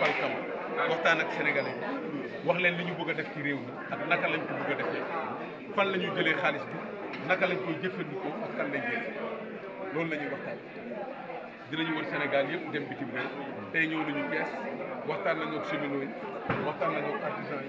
Fall Kam waxtaan ak sénégalais wax leen li ñu bëgg a def ci réew mi ak naka lañ ko bugg a defee fan la ñuy jëlee xaalis bi naka lañ koy jëfandikoo ak kan lay jëf loolu la ñuy waxtaan dinañu wër Sénégal yëpp dem bitim réew tey ñëw nañu Kees waxtaan nañu ak cheminots yi waxtaan nañu ak artisans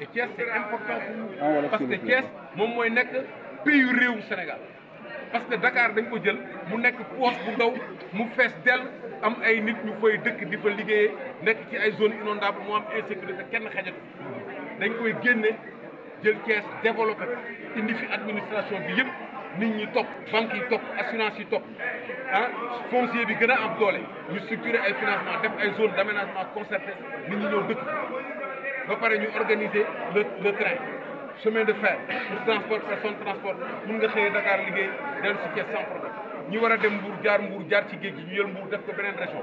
Et Thiès c'est important pour nous ah, parce que Thiès moom mooy nekk pays réewu Sénégal parce que Dakar dañ ko jël mu nekk poche bu ndaw mu am ay nit ñu fay dëkk di fa liggéeyee nekk ci ay zone inondable mu am insécurité kenn xajat dañ koy génne jël Thiès développé indi fi administration bi yëpp nit ñi topp banque yi topp assurance yi topp ah foncier bi gën a am doole ñu structuré ay financement def ay zone d'aménagement concerté nit ñi ñëw dëkk nous pare ñu organiser le le train chemin de fer le transport personne transport pour nga xëyee Dakar liggéey dellu si Thiès sans problème ñu war a dem Mbour jaar Mbour jaar ci géej gi ñu jël Mbour def ko beneen région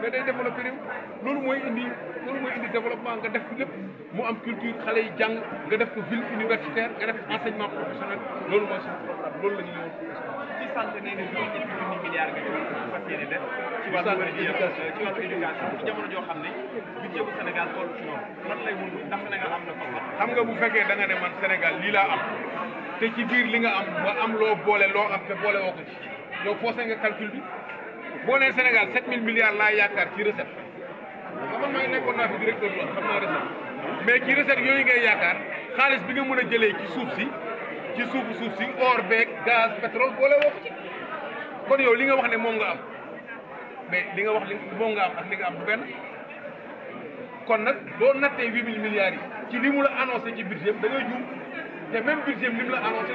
mais day développé réew loolu mooy indi loolu mooy indi développement nga def lépp mu am culture xale yi jàng nga def ko ville universitaire nga def enseignement professionnel loolu mooy suñu programme loolu la ñu ñëw. ci sant nee na juróom ñetti junni milliards nga ci fas yéene joo xam ne budget am na soxla. xam nga bu fekkee da nga ne man Sénégal lii laa am te ci biir li nga am nga am loo boole loo am te boole woo ko yow faussé nga calcul bi boo nee Sénégal 7000 milliards laa yaakaar ci recette xam man may nekkoon naa fi directeur loolu xam naa recette mais ci recette yooyu ngay yaakaar xaalis bi nga mën a jëlee ci suuf si ci suufu suuf si or beeg gaz pétrole boole woo ko ci kon yow li nga wax ne moom nga am mais li nga wax li moom nga am ak li nga am du benn kon nag boo nattee 8000 milliards yi ci li mu la annoncé ci budget da ngay juum te bi li mu la annoncé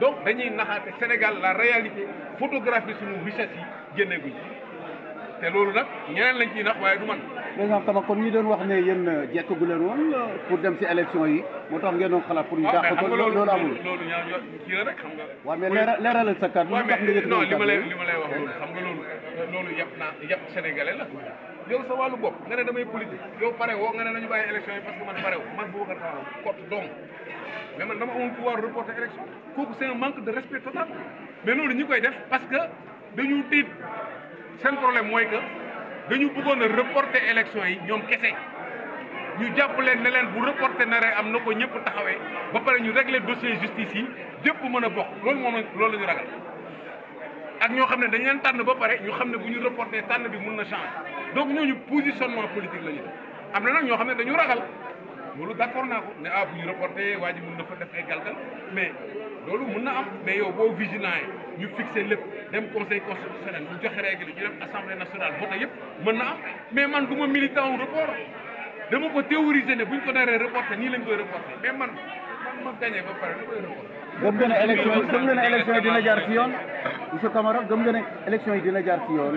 donc dañuy naxaate Sénégal la réalité photographie suñu richesse yi génneeguñ te loolu nag ñeneen lañ kii nax waaye du man. président Kaba kon ñu doon wax ne yéen euh, jekkagu leen woon euh, pour dem si élection yi moo tax ngeen doon xalaat pour ñu dàq ah, ko loolu amul loolu ñaa kii la rek xam nga. waaw mais leeralal sa kàddu. waaw mais non li lay li ma lay wax loolu xam nga loolu loolu yàpp naa yàpp sénégalais la. yow sa wàllu bopp nga ne damay politique yow pare woo nga ne nañu bàyyi élection yi parce que man pare woo man Boubacar Sall cote donc mais man dama amoon pouvoir reporter élection kooku c'est un manque de respect total mais loolu ñi koy def parce que dañu tiit seen problème mooy que dañu bëggoon reporter élection yi ñoom kese ñu jàpp leen ne leen bu reporter naree am na ko ñëpp taxawee ba pare ñu régler dossier justice yi jëpp mën a bokk loolu moom loolu la ñu ragal ak ñoo xam ne dañ leen tànn ba pare ñu xam ne bu ñu reporter tànn bi mun changer donc ñooñu positionnement politique la ñu def am na nag ñoo xam ne dañu ragal loolu d' accord naa ko ne ah bu ñu reporté waa ji mun na def ay galgal mais loolu mun na am mais yow boo vigilant yi ñu fixé lépp dem conseil constitutionnel ñu joxe règle ñu dem assemblée nationale voté yëpp mën na am mais man du ma militant wu report dama ko théoriser ne bu ñu ko naree reporté nii lañ koy reporté mais man man ma gagné ba pare da koy reporté. gëm nga ne élection gëm nga ne élection yi dina jaar ci yoon monsieur Camara gëm nga ne élection yi dina jaar ci yoon.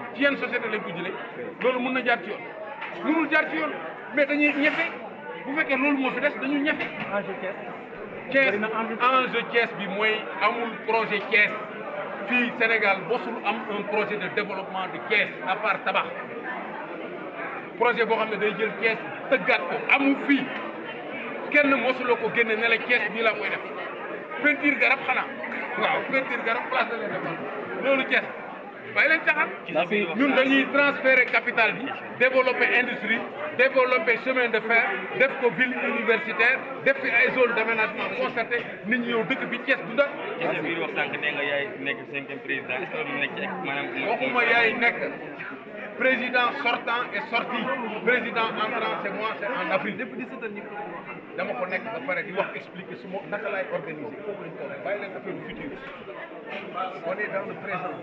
ci yenn société lañ ko jëlee loolu mën na jaar ci yoon mënul jaar ci yoon mais dañuy ñëfé bu fekké lolu mo fi dess dañu ñefe Thiès enjeu caisse bi mooy amul projet caisse fii Sénégal bosul am un projet de développement de caisse à part tabax projet boo xam ne day jël caisse tëggaat ko amul fii kenn mosuloo ko génne ne la caisse nii la koy def peinture garab xanaa waaw peinture garab place la leen defal loolu Thiès nous devons transférer capital développer l'industrie, développer chemin de fer développer les ville universitaire développer les d'aménagement concerté ñi président sortant et sorti président entrant c'est moi c'est en avril depuis 17 ans je ko expliquer ce mot. organiser foofu lañ le futur on est dans le présent.